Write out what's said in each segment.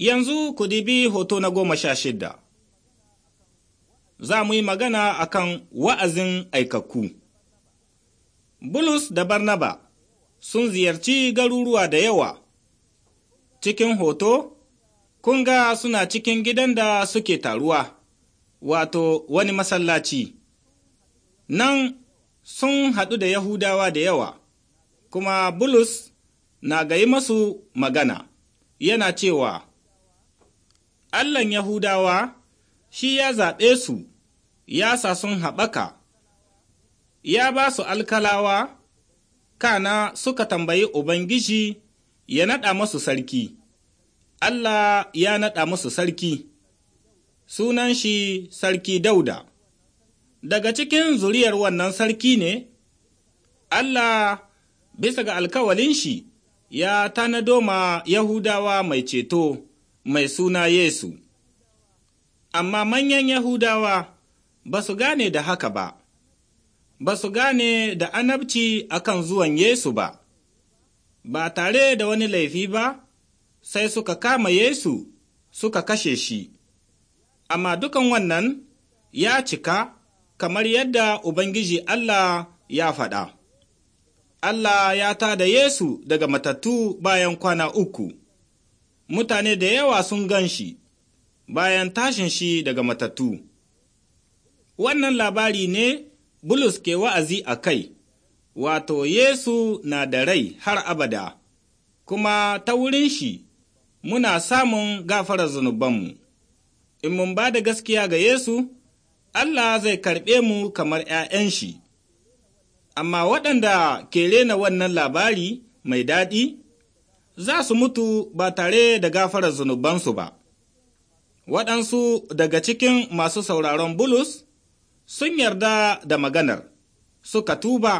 Yanzu ku dibi hoto na goma sha shida. Za mu yi magana a kan wa'azin aikaku. Bulus da Barnaba sun ziyarci garuruwa da yawa. Cikin hoto, kun ga suna cikin gidan da suke taruwa, wato wani masallaci. Nan sun haɗu da Yahudawa da yawa, kuma Bulus na gayi masu magana, yana cewa, Allahn Yahudawa shi ya zaɓe su, ya sa sun haɓaka, ya ba su alkalawa, kana suka tambayi Ubangiji ya naɗa masu sarki. Allah ya naɗa masu sarki, sunan shi Sarki Dauda. Daga cikin zuriyar wannan sarki ne, Allah bisa ga alkawalin shi ya tanado ma Yahudawa mai ceto. mai suna Yesu. Amma manyan Yahudawa ba su gane da haka ba, ba su gane da anabci akan zuwan Yesu ba, ba tare da wani laifi ba, sai suka kama Yesu suka kashe shi. Amma dukan wannan ya cika kamar yadda Ubangiji Allah ya faɗa. Allah ya tā Yesu daga matattu bayan kwana uku. mutane da yawa sun gan shi bayan tashin shi daga matattu. Wannan labari ne Bulus ke wa'azi a kai, wato Yesu na da rai har abada, kuma ta wurin shi muna samun gafarar zunubanmu. In mun ba da gaskiya ga Yesu, Allah zai karɓe mu kamar ’ya'yan shi. Amma waɗanda ke rena wannan labari mai daɗi, za su mutu ba tare da gafarar zunubansu ba. Waɗansu daga cikin masu sauraron Bulus sun yarda da maganar, suka tuba,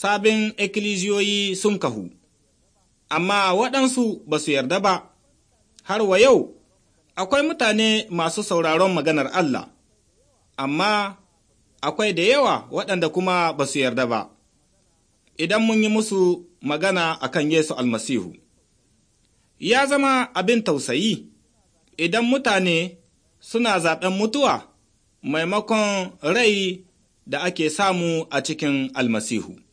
sabin ekiliziyoyi sun kahu, amma waɗansu ba su yarda ba, har wa yau akwai mutane masu sauraron maganar Allah, amma akwai da yawa waɗanda kuma ba su yarda ba. Idan mun yi musu magana a kan Yesu almasihu. Ya zama abin tausayi, idan mutane suna zaɓen mutuwa maimakon rai da ake samu a cikin almasihu.